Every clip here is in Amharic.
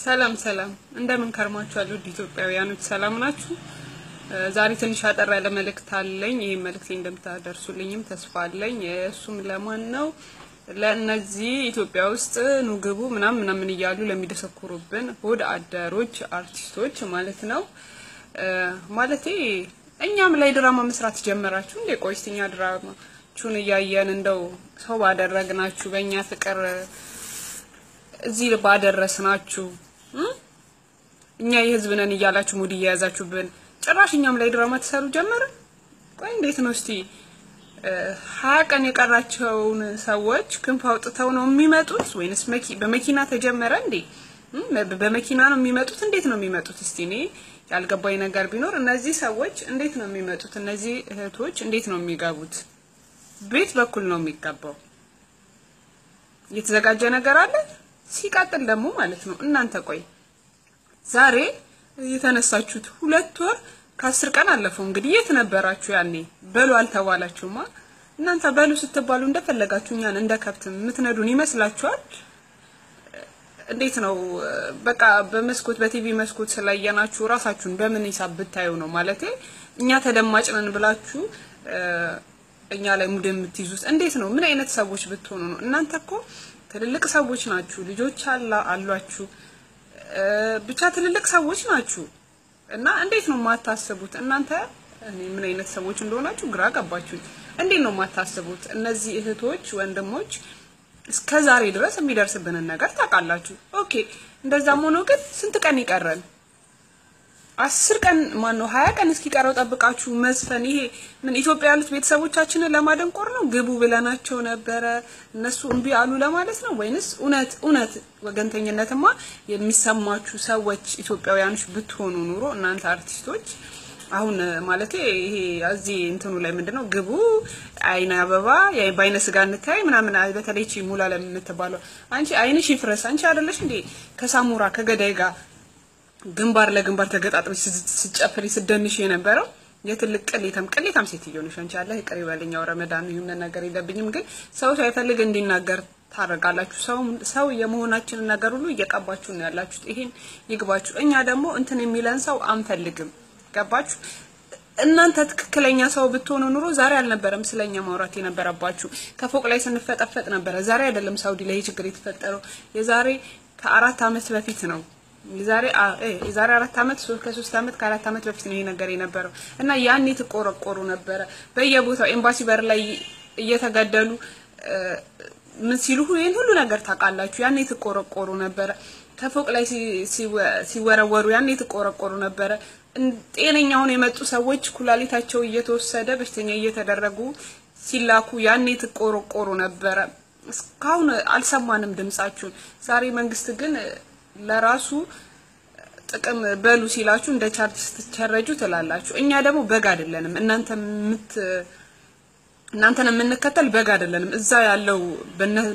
ሰላም ሰላም፣ እንደምን ከርማችኋል? ውድ ኢትዮጵያውያኖች ሰላም ናችሁ? ዛሬ ትንሽ አጠር ያለ መልእክት አለኝ። ይህ መልእክት እንደምታደርሱልኝም ተስፋ አለኝ። እሱም ለማን ነው? ለእነዚህ ኢትዮጵያ ውስጥ ኑ ግቡ ምናምን ምናምን እያሉ ለሚደሰኩሩብን ሆድ አደሮች አርቲስቶች ማለት ነው። ማለቴ እኛም ላይ ድራማ መስራት ጀመራችሁ እንዴ? ቆይስተኛ ድራማችሁን እያየን እንደው ሰው ባደረግናችሁ በእኛ ፍቅር እዚህ ባደረስናችሁ እኛ የህዝብ ነን እያላችሁ ሙድ እየያዛችሁብን ጭራሽ እኛም ላይ ድራማ ተሰሩ ጀመረ። ቆይ እንዴት ነው እስቲ ሀያ ቀን የቀራቸውን ሰዎች ክንፍ አውጥተው ነው የሚመጡት ወይንስ በመኪና ተጀመረ እንዴ? በመኪና ነው የሚመጡት? እንዴት ነው የሚመጡት? እስቲ እኔ ያልገባኝ ነገር ቢኖር እነዚህ ሰዎች እንዴት ነው የሚመጡት? እነዚህ እህቶች እንዴት ነው የሚገቡት? ቤት በኩል ነው የሚገባው። የተዘጋጀ ነገር አለ። ሲቀጥል ደግሞ ማለት ነው እናንተ ቆይ ዛሬ የተነሳችሁት ሁለት ወር ከአስር ቀን አለፈው። እንግዲህ የት ነበራችሁ ያኔ? በሉ አልተባላችሁማ። እናንተ በሉ ስትባሉ እንደፈለጋችሁ እኛን እንደ ከብት የምትነዱን ይመስላችኋል? እንዴት ነው በቃ በመስኮት በቲቪ መስኮት ስላየናችሁ ራሳችሁን በምን ሂሳብ ብታዩ ነው ማለት እኛ ተደማጭ ነን ብላችሁ እኛ ላይ ሙድ የምትይዙት እንዴት ነው? ምን አይነት ሰዎች ብትሆኑ ነው እናንተ እኮ ትልልቅ ሰዎች ናችሁ፣ ልጆች አሏችሁ፣ ብቻ ትልልቅ ሰዎች ናችሁ እና እንዴት ነው የማታስቡት እናንተ? እኔ ምን አይነት ሰዎች እንደሆናችሁ ግራ ገባችሁኝ። እንዴት ነው የማታስቡት? እነዚህ እህቶች ወንድሞች እስከ ዛሬ ድረስ የሚደርስብንን ነገር ታውቃላችሁ። ኦኬ። እንደዛም ሆኖ ግን ስንት ቀን ይቀረን? አስር ቀን ማን ነው ሀያ ቀን እስኪቀረው ጠብቃችሁ መዝፈን። ይሄ ምን ኢትዮጵያ ያሉት ቤተሰቦቻችንን ለማደንቆር ነው? ግቡ ብለናቸው ነበረ እነሱ እምቢ አሉ ለማለት ነው ወይንስ እውነት እውነት ወገንተኝነትማ የሚሰማችሁ ሰዎች ኢትዮጵያውያኖች ብትሆኑ ኑሮ እናንተ አርቲስቶች አሁን ማለት ይሄ እዚህ እንትኑ ላይ ምንድነው ግቡ አይነ አበባ በአይነ ስጋ እንታይ ምናምን በተለይ ሙላ ለምን የምትባለው አንቺ አይንሽ ይፍረስ አንቺ አይደለሽ እንዴ ከሳሙራ ከገዳይ ጋር ግንባር ለግንባር ተገጣጥመሽ ስጨፍሪ ስደንሽ የነበረው የትልቅ ቅሌታም ቅሌታም ሴትዮ ነሽ አንቺ። አለ ይቅር ይበለኛው ረመዳን ይሁን ነገር የለብኝም ግን ሰው ሳይፈልግ እንዲናገር ታደርጋላችሁ። ሰው ሰው የመሆናችንን ነገር ሁሉ እየቀባችሁ ነው ያላችሁት። ይሄን ይግባችሁ። እኛ ደግሞ እንትን የሚለን ሰው አንፈልግም። ገባችሁ? እናንተ ትክክለኛ ሰው ብትሆኑ ኑሮ ዛሬ አልነበረም ስለኛ ማውራት የነበረባችሁ። ከፎቅ ላይ ስንፈጠፈጥ ነበረ። ዛሬ አይደለም ሳውዲ ላይ ችግር የተፈጠረው የዛሬ ከአራት አመት በፊት ነው። የዛሬ የዛሬ አራት አመት ከሶስት ዓመት ከአራት ዓመት በፊት ነው ይሄ ነገር የነበረው እና ያኔ ትቆረቆሩ ነበረ። በየቦታው ኤምባሲ በር ላይ እየተገደሉ ምን ሲሉ ይሄን ሁሉ ነገር ታውቃላችሁ። ያኔ ትቆረቆሩ ነበረ። ከፎቅ ላይ ሲወረወሩ ያኔ ትቆረቆሩ ነበረ። ጤነኛውን የመጡ ሰዎች ኩላሊታቸው እየተወሰደ በሽተኛ እየተደረጉ ሲላኩ ያኔ ትቆረቆሩ ነበረ። እስካሁን አልሰማንም ድምጻችሁን። ዛሬ መንግስት ግን ለራሱ ጥቅም በሉ ሲላችሁ እንደ ቻርጅ ስትቸረጁ ትላላችሁ። እኛ ደግሞ በግ አይደለንም። እናንተ ምት እናንተን የምንከተል በግ አይደለንም። እዛ ያለው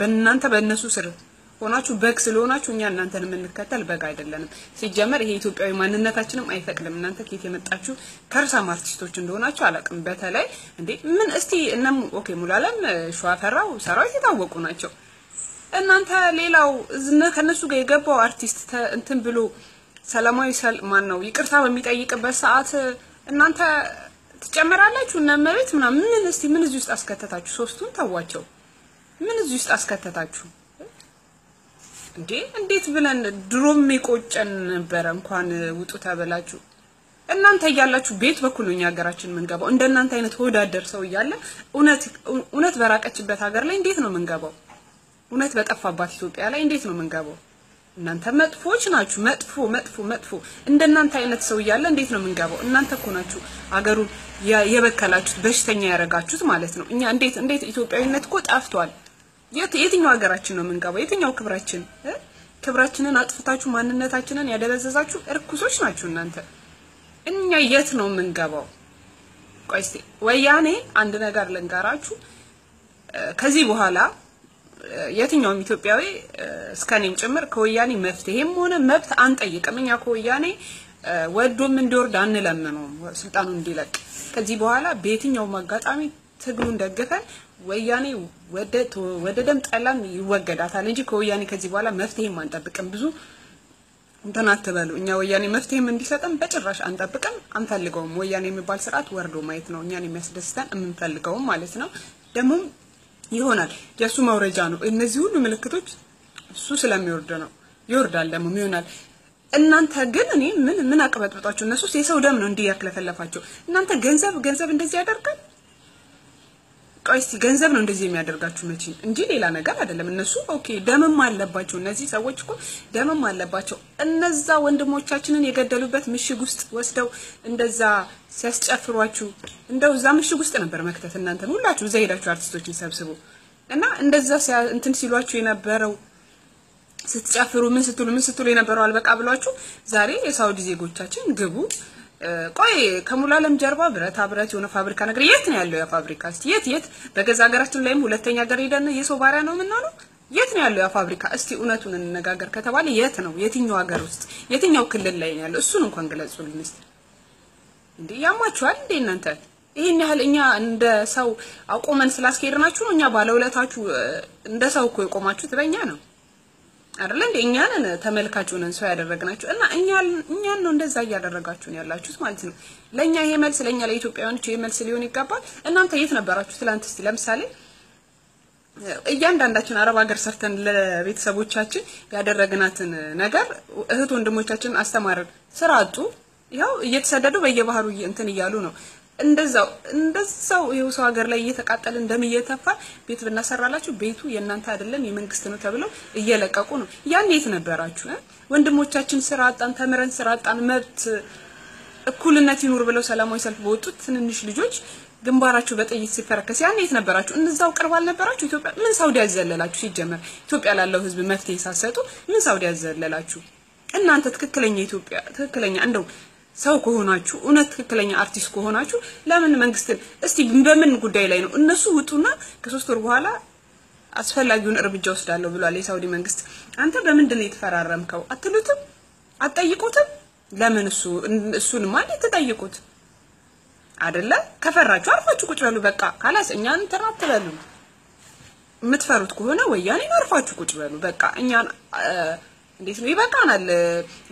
በእናንተ በእነሱ ስር ሆናችሁ በግ ስለሆናችሁ እኛ እናንተን የምንከተል በግ አይደለንም። ሲጀመር ይሄ ኢትዮጵያዊ ማንነታችንም አይፈቅድም። እናንተ ከየት የመጣችሁ ከርሳም አርቲስቶች እንደሆናችሁ አላውቅም። በተለይ እንዴ ምን እስቲ እነም ኦኬ ሙላለም ሸዋፈራው ሰራዊት የታወቁ ናቸው። እናንተ ሌላው ከነሱ ጋር የገባው አርቲስት እንትን ብሎ ሰላማዊ ሰል ማን ነው ይቅርታ በሚጠይቅበት ሰዓት እናንተ ትጨመራላችሁ። እነ እመቤት ምናምን ምን እስቲ ምን እዚህ ውስጥ አስከተታችሁ? ሶስቱን ተዋቸው። ምን እዚህ ውስጥ አስከተታችሁ እንዴ? እንዴት ብለን ድሮም የቆጨን ነበረ። እንኳን ውጡ ተበላችሁ። እናንተ እያላችሁ ቤት በኩል ነው ሀገራችን የምንገባው። እንደናንተ አይነት ወዳደር ሰው እያለ እውነት እውነት በራቀችበት ሀገር ላይ እንዴት ነው የምንገባው? እውነት በጠፋባት ኢትዮጵያ ላይ እንዴት ነው የምንገባው? እናንተ መጥፎች ናችሁ። መጥፎ መጥፎ መጥፎ እንደናንተ አይነት ሰው እያለ እንዴት ነው የምንገባው? እናንተ እኮ ናችሁ አገሩን የበከላችሁት በሽተኛ ያደረጋችሁት ማለት ነው። እኛ እንዴት እንዴት ኢትዮጵያዊነት እኮ ጠፍቷል። የትኛው ሀገራችን ነው የምንገባው? የትኛው ክብራችን? ክብራችንን አጥፍታችሁ ማንነታችንን ያደበዘዛችሁ እርኩሶች ናችሁ እናንተ። እኛ የት ነው የምንገባው? ቆይ እስኪ ወያኔ አንድ ነገር ልንገራችሁ ከዚህ በኋላ የትኛውም ኢትዮጵያዊ እስከኔም ጭምር ከወያኔ መፍትሄም ሆነ መብት አንጠይቅም። እኛ ከወያኔ ወዶም እንዲወርድ አንለምነውም ስልጣኑን እንዲለቅ። ከዚህ በኋላ በየትኛውም አጋጣሚ ትግሉን ደግፈን ወያኔ ወደ ደም ጠላም ይወገዳታል እንጂ ከወያኔ ከዚህ በኋላ መፍትሄም አንጠብቅም። ብዙ እንትን አትበሉ። እኛ ወያኔ መፍትሄም እንዲሰጠን በጭራሽ አንጠብቅም፣ አንፈልገውም። ወያኔ የሚባል ስርዓት ወርዶ ማየት ነው እኛን የሚያስደስተን የምንፈልገውም ማለት ነው ደግሞም ይሆናል። የእሱ ማውረጃ ነው። እነዚህ ሁሉ ምልክቶች እሱ ስለሚወርድ ነው። ይወርዳል ደግሞ ይሆናል። እናንተ ግን እኔ ምን ምን አቀበጥብጣችሁ እነሱስ የሰው ደም ነው እንዲህ እናንተ ገንዘብ ገንዘብ እንደዚህ ያደርጋል እስኪ ገንዘብ ነው እንደዚህ የሚያደርጋችሁ መቼ እንጂ ሌላ ነገር አይደለም። እነሱ ኦኬ ደምም አለባቸው። እነዚህ ሰዎች እኮ ደምም አለባቸው። እነዛ ወንድሞቻችንን የገደሉበት ምሽግ ውስጥ ወስደው እንደዛ ሲያስጨፍሯችሁ፣ እንደው እዛ ምሽግ ውስጥ ነበር መክተት እናንተን ሁላችሁ እዛ ሄዳችሁ አርቲስቶችን ሰብስቡ እና እንደዛ እንትን ሲሏችሁ የነበረው ስትጨፍሩ ምን ስትሉ ምን ስትሉ የነበረው አልበቃ ብሏችሁ ዛሬ የሳውዲ ዜጎቻችን ግቡ ቆይ ከሙላለም ጀርባ ብረታ ብረት የሆነ ፋብሪካ ነገር የት ነው ያለው? ያ ፋብሪካ እስቲ የት የት? በገዛ ሀገራችን ላይም ሁለተኛ ሀገር ሄደን የሰው ባሪያ ነው የምንሆነው። የት ነው ያለው ያ ፋብሪካ? እስቲ እውነቱን እንነጋገር ከተባለ የት ነው? የትኛው ሀገር ውስጥ የትኛው ክልል ላይ ነው ያለው? እሱን እንኳን ግለጹልን እስቲ። እንዴ ያማችኋል እንዴ እናንተ? ይሄን ያህል እኛ እንደ ሰው አቆመን ስላስኬድናችሁ ነው። እኛ ባለውለታችሁ እንደ ሰው እኮ የቆማችሁት በእኛ ነው። አይደለ እንዴ? እኛ ነን ተመልካች ነን ሰው ያደረግናችሁ እና እኛ ነው እንደዛ እያደረጋችሁን ያላችሁት ማለት ነው። ለኛ ይሄ መልስ ለኛ ለኢትዮጵያውያኖች ይሄ መልስ ሊሆን ይገባል። እናንተ የት ነበራችሁ ትላንት? እስቲ ለምሳሌ እያንዳንዳችን አረብ ሀገር ሰርተን ለቤተሰቦቻችን ያደረግናትን ነገር እህት ወንድሞቻችን አስተማርን፣ ስራ አጡ። ያው እየተሰደዱ በየባህሩ እንትን እያሉ ነው። እንደዛው እንደዛው ይኸው ሰው ሀገር ላይ እየተቃጠለ እንደም እየተፋ ቤት ብናሰራላችሁ ቤቱ የእናንተ አይደለም የመንግስት ነው ተብለው እየለቀቁ ነው። ያን የት ነበራችሁ? ወንድሞቻችን ስራ አጣን፣ ተምረን ስራ አጣን፣ መብት እኩልነት ይኑር ብለው ሰላማዊ ሰልፍ በወጡት ትንንሽ ልጆች ግንባራችሁ በጥይት ሲፈረከስ ያን የት ነበራችሁ? እንደዛው ቅርብ አልነበራችሁ? ኢትዮጵያ ምን ሳውዲ ያዘለላችሁ? ሲጀመር ኢትዮጵያ ላለው ህዝብ መፍትሄ ሳሰጡ ምን ሳውዲ ያዘለላችሁ? እናንተ ትክክለኛ ኢትዮጵያ ትክክለኛ እንደው ሰው ከሆናችሁ እውነት ትክክለኛ አርቲስት ከሆናችሁ ለምን መንግስትን እስቲ በምን ጉዳይ ላይ ነው እነሱ ውጡና ከሶስት ወር በኋላ አስፈላጊውን እርምጃ ወስዳለሁ ብሏል የሳውዲ መንግስት። አንተ በምንድን ነው የተፈራረምከው አትሉትም? አትጠይቁትም? ለምን እሱ እሱን ማን የተጠይቁት አይደለ? ከፈራችሁ አርፋችሁ ቁጭ በሉ። በቃ ካላስ እኛን እንትን የምትፈሩት ከሆነ ወያኔን አርፋችሁ ቁጭ በሉ። በቃ እኛን እንዴት ነው ይበቃናል።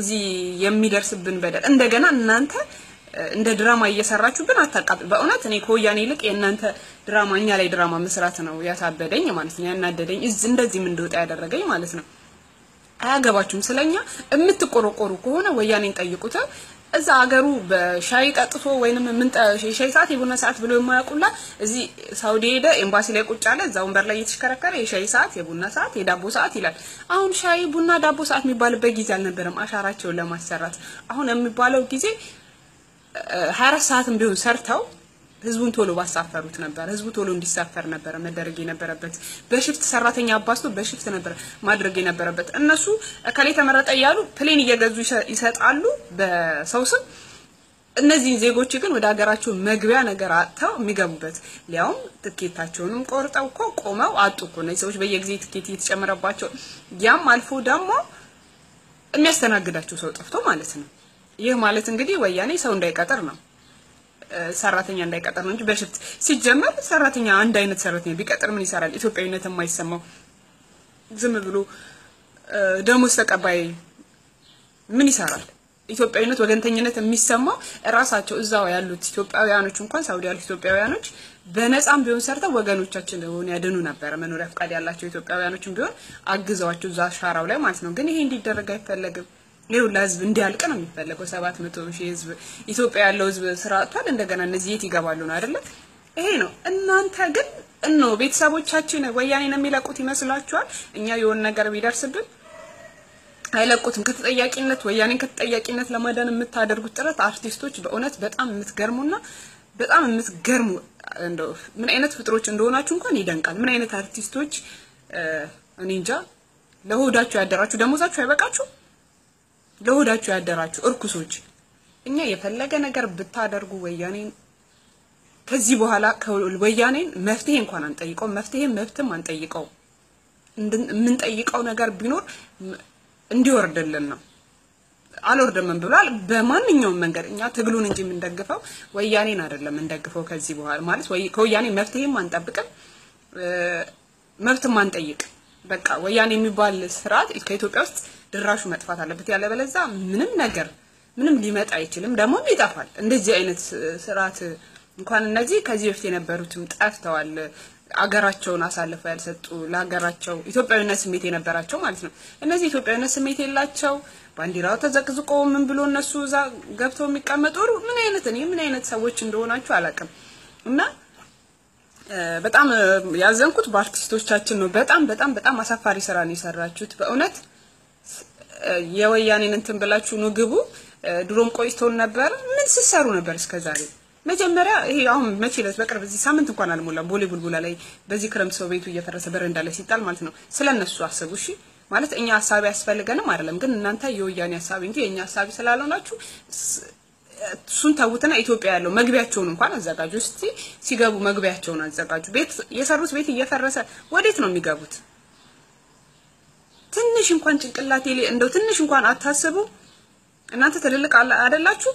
እዚህ የሚደርስብን በደል እንደገና እናንተ እንደ ድራማ እየሰራችሁብን አታቃጥሉ። በእውነት እኔ ከወያኔ ይልቅ የእናንተ ድራማ እኛ ላይ ድራማ መስራት ነው ያታበደኝ ማለት ነው ያናደደኝ፣ እዚህ እንደዚህም እንደወጣ ያደረገኝ ማለት ነው። አያገባችሁም ስለኛ። የምትቆረቆሩ ከሆነ ወያኔን ጠይቁት። እዛ ሀገሩ በሻይ ጠጥቶ ወይንም ምን የሻይ ሰዓት የቡና ሰዓት ብሎ የማያውቁና እዚህ ሳውዲ ሄደ ኤምባሲ ላይ ቁጭ አለ እዛ ወንበር ላይ እየተሽከረከረ የሻይ ሰዓት፣ የቡና ሰዓት፣ የዳቦ ሰዓት ይላል። አሁን ሻይ ቡና፣ ዳቦ ሰዓት የሚባልበት ጊዜ አልነበረም አሻራቸውን ለማሰራት። አሁን የሚባለው ጊዜ 24 ሰዓትም ቢሆን ሰርተው ህዝቡን ቶሎ ባሳፈሩት ነበር። ህዝቡ ቶሎ እንዲሳፈር ነበረ መደረግ የነበረበት። በሽፍት ሰራተኛ አባስቶ በሽፍት ነበር ማድረግ የነበረበት። እነሱ እከሌ ተመረጠ እያሉ ፕሌን እየገዙ ይሰጣሉ በሰው ስም። እነዚህን ዜጎች ግን ወደ ሀገራቸው መግቢያ ነገር አጥተው የሚገቡበት ሊያውም ትኬታቸውንም ቆርጠው እኮ ቆመው አጡ እኮ እነዚህ ሰዎች በየጊዜ ትኬት እየተጨመረባቸው፣ ያም አልፎ ደግሞ የሚያስተናግዳቸው ሰው ጠፍቶ ማለት ነው። ይህ ማለት እንግዲህ ወያኔ ሰው እንዳይቀጥር ነው። ሰራተኛ እንዳይቀጠር ነው እንጂ በሽፍት ሲጀመር ሰራተኛ አንድ አይነት ሰራተኛ ቢቀጥር ምን ይሰራል? ኢትዮጵያዊነት የማይሰማው ዝም ብሎ ደሞዝ ተቀባይ ምን ይሰራል? ኢትዮጵያዊነት ወገንተኝነት የሚሰማው እራሳቸው እዛው ያሉት ኢትዮጵያውያኖች እንኳን ሳውዲ ያሉት ኢትዮጵያውያኖች በነፃም ቢሆን ሰርተው ወገኖቻችን ሆነ ያድኑ ነበረ። መኖሪያ ፈቃድ ያላቸው ኢትዮጵያውያኖችም ቢሆን አግዘዋቸው እዛ ሻራው ላይ ማለት ነው። ግን ይሄ እንዲደረግ አይፈለግም። ይሁላ ህዝብ እንዲያልቅ ነው የሚፈለገው። ሰባት መቶ ሺህ ህዝብ ኢትዮጵያ ያለው ህዝብ ስራ አጥቷል። እንደገና እነዚህ የት ይገባሉ ነው አይደለ? ይሄ ነው። እናንተ ግን እኖ ቤተሰቦቻችን ወያኔ ነው የሚለቁት ይመስላችኋል? እኛ የሆነ ነገር ቢደርስብን አይለቁትም። ከተጠያቂነት ወያኔን ከተጠያቂነት ለማዳን የምታደርጉት ጥረት አርቲስቶች በእውነት በጣም የምትገርሙና በጣም የምትገርሙ እንደው ምን አይነት ፍጥሮች እንደሆናችሁ እንኳን ይደንቃል። ምን አይነት አርቲስቶች እኔ እንጃ። ለሆዳችሁ ያደራችሁ ደሞዛችሁ አይበቃችሁ ለሆዳችሁ ያደራችሁ እርኩሶች፣ እኛ የፈለገ ነገር ብታደርጉ ወያኔን ከዚህ በኋላ ወያኔን መፍትሄ እንኳን አንጠይቀው፣ መፍትሄ መብትም አንጠይቀው። የምንጠይቀው ነገር ቢኖር እንዲወርድልን ነው። አልወርድምን ብሏል። በማንኛውም መንገድ እኛ ትግሉን እንጂ የምንደግፈው ወያኔን አይደለም የምንደግፈው። ከዚህ በኋላ ማለት ከወያኔ መፍትሄም አንጠብቅም፣ መብትም አንጠይቅ። በቃ ወያኔ የሚባል ስርዓት ከኢትዮጵያ ውስጥ ድራሹ መጥፋት አለበት። ያለበለዛ ምንም ነገር ምንም ሊመጣ አይችልም፣ ደግሞም ይጠፋል። እንደዚህ አይነት ስርዓት እንኳን እነዚህ ከዚህ በፊት የነበሩትም ጠፍተዋል። አገራቸውን አሳልፈው ያልሰጡ ለሀገራቸው ኢትዮጵያዊነት ስሜት የነበራቸው ማለት ነው። እነዚህ ኢትዮጵያዊነት ስሜት የላቸው ባንዲራው ተዘቅዝቆ ምን ብሎ እነሱ እዛ ገብተው የሚቀመጡ ምን አይነት እኔ ምን አይነት ሰዎች እንደሆናችሁ አላውቅም። እና በጣም ያዘንኩት በአርቲስቶቻችን ነው። በጣም በጣም በጣም አሳፋሪ ስራ ነው የሰራችሁት በእውነት የወያኔን እንትን ብላችሁ ኑ ግቡ። ድሮም ቆይቶን ነበር። ምን ስሰሩ ነበር እስከዛሬ? መጀመሪያ ይሄ አሁን መቼ ዕለት በቅርብ እዚህ ሳምንት እንኳን አልሞላም። ቦሌ ቡልቡላ ላይ በዚህ ክረምት ሰው ቤቱ እየፈረሰ በረንዳ ላይ ሲጣል ማለት ነው። ስለነሱ አስቡ እሺ። ማለት እኛ ሀሳቢ ያስፈልገንም አይደለም፣ ግን እናንተ የወያኔ ሀሳቢ እንጂ የእኛ ሀሳቢ ስላልሆናችሁ እሱን ተውትና ኢትዮጵያ ያለው መግቢያቸውን እንኳን አዘጋጁ እስቲ። ሲገቡ መግቢያቸውን አዘጋጁ። ቤት የሰሩት ቤት እየፈረሰ ወዴት ነው የሚገቡት? ትንሽ እንኳን ጭንቅላቴ ላይ እንደው ትንሽ እንኳን አታስቡ። እናንተ ትልልቅ አይደላችሁ?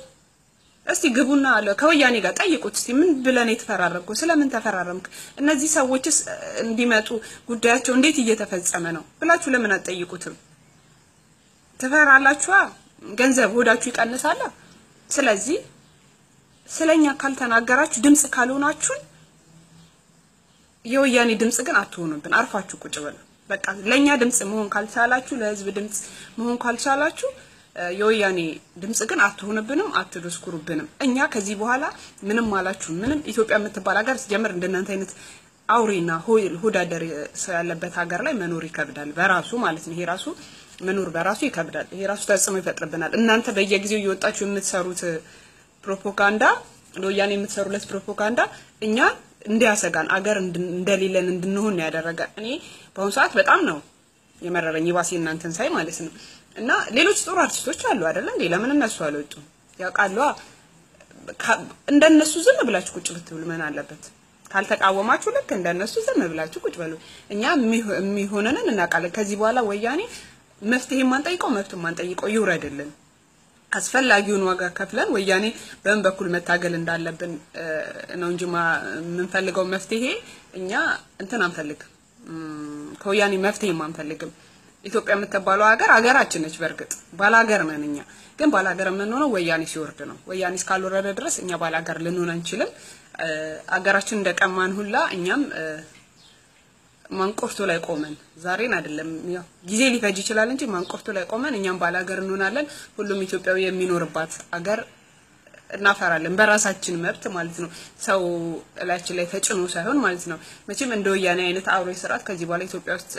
እስቲ ግቡና አለ ከወያኔ ጋር ጠይቁት። እስቲ ምን ብለን የተፈራረምኩ ስለምን ተፈራረምክ? እነዚህ ሰዎችስ እንዲመጡ ጉዳያቸው እንዴት እየተፈጸመ ነው ብላችሁ ለምን አትጠይቁትም? ትፈራላችኋ። ገንዘብ ሆዳችሁ ይቀንሳል። ስለዚህ ስለኛ ካልተናገራችሁ ድምፅ ካልሆናችሁን የወያኔ ድምፅ ግን አትሆኑብን። አርፋችሁ ቁጭ በሉ። በቃ ለኛ ድምጽ መሆን ካልቻላችሁ፣ ለህዝብ ድምጽ መሆን ካልቻላችሁ የወያኔ ድምጽ ግን አትሆንብንም፣ አትደስኩሩብንም። እኛ ከዚህ በኋላ ምንም አላችሁ ምንም ኢትዮጵያ የምትባል ሀገር ስጀምር እንደናንተ አይነት አውሬና ሆዳደር ሰው ያለበት ሀገር ላይ መኖር ይከብዳል፣ በራሱ ማለት ነው። ይሄ ራሱ መኖር በራሱ ይከብዳል። ይሄ ራሱ ተጽዕኖ ይፈጥርብናል። እናንተ በየጊዜው እየወጣችሁ የምትሰሩት ፕሮፓጋንዳ ለወያኔ የምትሰሩለት ፕሮፓጋንዳ እኛ እንዲያሰጋን አገር እንደሌለን እንድንሆን ያደረገ እኔ በአሁኑ ሰዓት በጣም ነው የመረረኝ የባሴ እናንተን ሳይ ማለት ነው። እና ሌሎች ጥሩ አርቲስቶች አሉ አይደለ እንዴ? ለምን እነሱ አልወጡም? ያውቃሉ። እንደነሱ ዝም ብላችሁ ቁጭ ብትብሉ ምን አለበት? ካልተቃወማችሁ ልክ እንደነሱ ዝም ብላችሁ ቁጭ በሉ። እኛ የሚሆነንን እናውቃለን። ከዚህ በኋላ ወያኔ መፍትሄ ማንጠይቀው መብት ማንጠይቀው ይውረድልን። አስፈላጊውን ዋጋ ከፍለን ወያኔ በምን በኩል መታገል እንዳለብን ነው እንጂ የምንፈልገው መፍትሄ እኛ እንትን አንፈልግም። ከወያኔ መፍትሄም አንፈልግም። ኢትዮጵያ የምትባለው ሀገር ሀገራችን ነች። በእርግጥ ባላገር ነን እኛ። ግን ባላገር የምንሆነው ወያኔ ሲወርድ ነው። ወያኔ እስካልወረደ ድረስ እኛ ባላገር ልንሆን አንችልም። አገራችን እንደቀማን ሁላ እኛም ማንቆርቶ ላይ ቆመን ዛሬን አይደለም ያው ጊዜ ሊፈጅ ይችላል እንጂ ማንቆርቶ ላይ ቆመን እኛም ባለ ሀገር እንሆናለን። ሁሉም ኢትዮጵያዊ የሚኖርባት አገር እናፈራለን። በራሳችን መብት ማለት ነው። ሰው እላችን ላይ ተጭኖ ሳይሆን ማለት ነው። መቼም እንደ ወያኔ አይነት አውሬ ስርዓት ከዚህ በኋላ ኢትዮጵያ ውስጥ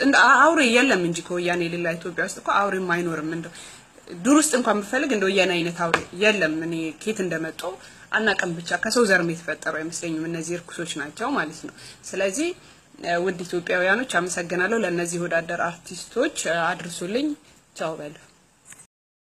አውሬ የለም እንጂ ከወያኔ ሌላ ኢትዮጵያ ውስጥ እኮ አውሬም አይኖርም። እንደው ዱር ውስጥ እንኳን ብፈልግ እንደ ወያኔ አይነት አውሬ የለም። እኔ ኬት እንደመጡ አናውቅም። ብቻ ከሰው ዘርም የተፈጠሩ አይመስለኝም። እነዚህ እርኩሶች ናቸው ማለት ነው። ስለዚህ ውድ ኢትዮጵያውያኖች አመሰግናለሁ። ለእነዚህ ወዳደር አርቲስቶች አድርሱልኝ። ቻው በሉ።